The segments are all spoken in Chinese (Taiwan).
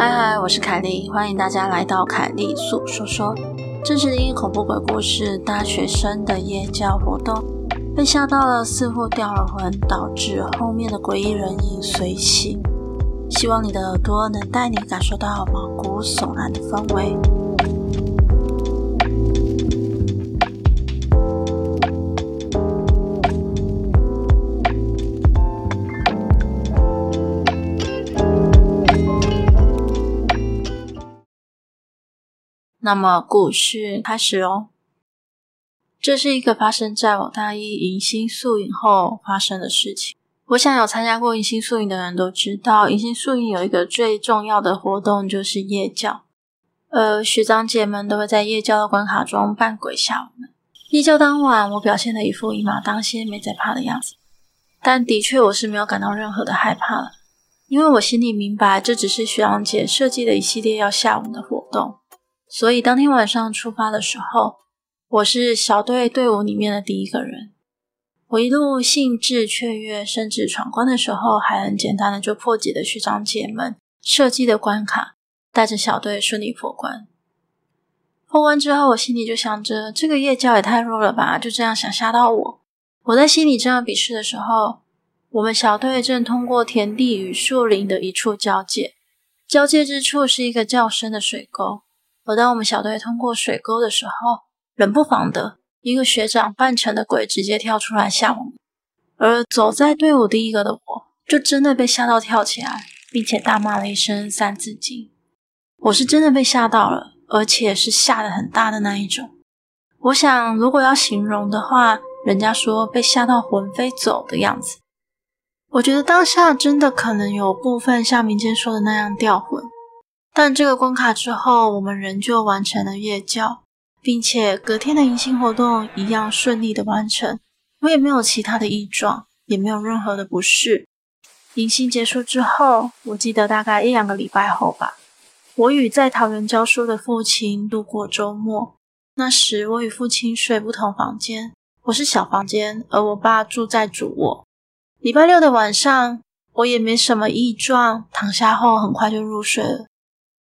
嗨嗨，我是凱莉，歡迎大家來到凱莉粟說說，這是因為恐怖鬼故事大學生的夜教活動被嚇到了，似乎掉了魂，導致後面的詭異人影隨行。希望你的耳朵能帶你感受到毛骨悚然的氛圍。那麼故事開始哦。這是一個發生在我大一迎新宿營後發生的事情。我想有參加過迎新宿營的人都知道，迎新宿營有一個最重要的活動就是夜教。呃，學長姐們都會在夜教的關卡中扮鬼嚇我們。夜教當晚，我表現得一副一馬當先、沒在怕的樣子。但的確，我是沒有感到任何的害怕了，因為我心裡明白，這只是學長姐設計的一系列要嚇我們的活動。所以當天晚上出發的時候，我是小隊隊伍裡面的第一個人。我一路興致雀躍，甚至闖關的時候還很簡單的就破解了學長姐們設計的關卡，帶着小隊順利破關。破關之後，我心裡就想着這個夜教也太弱了吧，就這樣想嚇到我。我在心裡這樣鄙視的時候，我們小隊正通過田地與樹林的一處交界，交界之處是一個較深的水溝。而當我們小隊通過水溝的時候，冷不防的一個學長扮成的鬼直接跳出來嚇我們。而走在隊伍第一個的我，就真的被嚇到跳起來，並且大罵了一聲《三字經》。我是真的被嚇到了，而且是嚇得很大的那一種。我想，如果要形容的話，人家說被嚇到魂飛走的樣子，我覺得當下真的可能有部分像民間說的那樣掉魂。但這個關卡之後，我們仍舊完成了夜教，並且隔天的迎新活動一樣順利的完成。我也沒有其他的異狀，也沒有任何的不適。迎新結束之後，我記得大概一兩個禮拜後吧，我與在桃園教書的父親度過週末。那時我與父親睡不同房間，我是小房間，而我爸住在主臥。禮拜六的晚上，我也沒什麼異狀，躺下後很快就入睡了。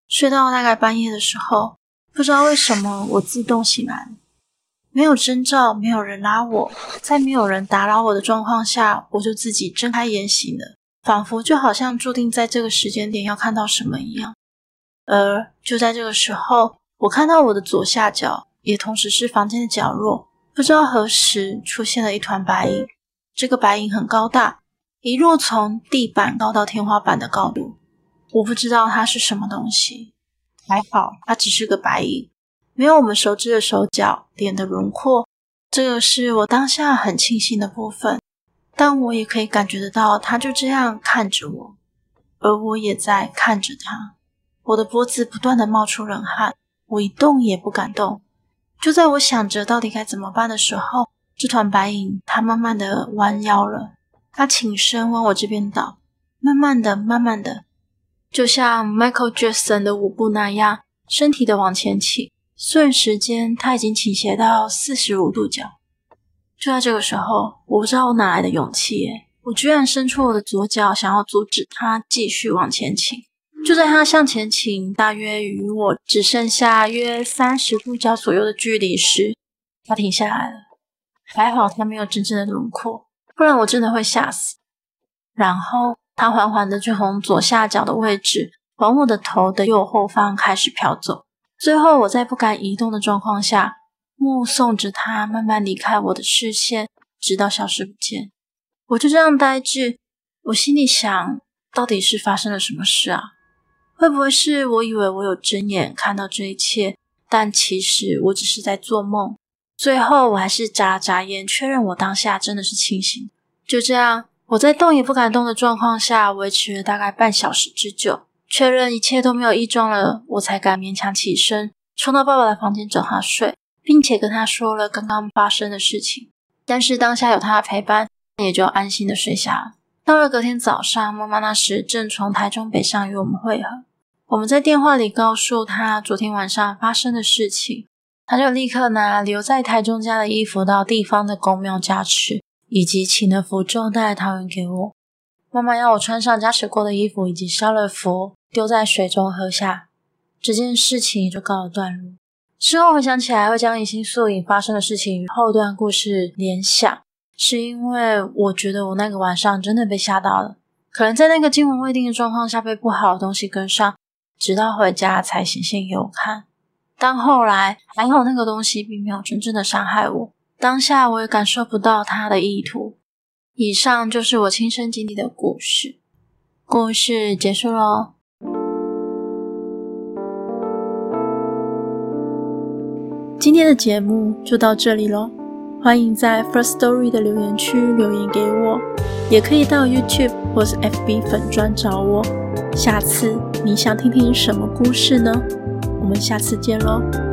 睡到大概半夜的時候，不知道為什麼我自動醒來，沒有徵兆，沒有人拉我，在沒有人打擾我的狀況下，我就自己睜開眼醒了，仿佛就好像注定在這個時間點要看到什麼一樣。而就在這個時候，我看到我的左下角，也同時是房間的角落，不知道何時出現了一團白影。這個白影很高大，一路從地板高到天花板的高度。我不知道它是什麼東西，還好它只是個白影，沒有我們熟知的手腳、臉的輪廓。這個是我當下很慶幸的部分，但我也可以感覺得到，他就這樣看着我，而我也在看着他。我的脖子不斷的冒出冷汗，我一動也不敢動。就在我想着到底該怎麼辦的時候，這團白影它慢慢的彎腰了，它傾身往我這邊倒，慢慢的，慢慢的。就像 Michael Jackson 的舞步那樣，身體的往前傾，瞬時間他已經傾斜到四十五度角。就在這個時候，我不知道我哪來的勇氣耶，我居然伸出我的左腳，想要阻止他繼續往前傾。就在他向前傾，大約與我只剩下約三十度角左右的距離時，他停下來了。還好他沒有真正的輪廓，不然我真的會嚇死。然後。他緩緩的就從左下角的位置，往我的頭的右後方開始飄走，最後我在不敢移動的狀況下，目送着他慢慢離開我的視線，直到消失不見。我就這樣呆滯，我心裡想到底是發生了什麼事啊？會不會是我以為我有睜眼看到這一切，但其實我只是在做夢？最後我還是眨眨眼，確認我當下真的是清醒。就這樣。我在動也不敢動的狀況下維持了大概半小時之久，確認一切都沒有異狀了，我才敢勉強起身，衝到爸爸的房間找他睡，並且跟他說了剛剛發生的事情。但是當下有他的陪伴，也就安心的睡下了。到了隔天早上，媽媽那時正從台中北上與我們會合，我們在電話裡告訴他昨天晚上發生的事情，他就立刻拿留在台中家的衣服到地方的公廟加持。以及請了符咒，帶來桃園給我。媽媽要我穿上加持過的衣服，以及燒了符，丟在水中喝下。這件事情也就告了段落。之後回想起來，會將一心宿影發生的事情與後段故事聯想，是因為我覺得我那個晚上真的被嚇到了。可能在那個驚魂未定的狀況下，被不好的東西跟上，直到回家才顯現給我看。但後來還好，那個東西并沒有真正的傷害我。當下我也感受不到他的意圖。以上就是我親身經歷的故事。故事結束嘍。今天的節目就到這裡嘍。歡迎在 First Story 的留言區留言給我，也可以到 YouTube 或是 FB 粉專找我。下次你想聽聽什麼故事呢？我們下次見嘍。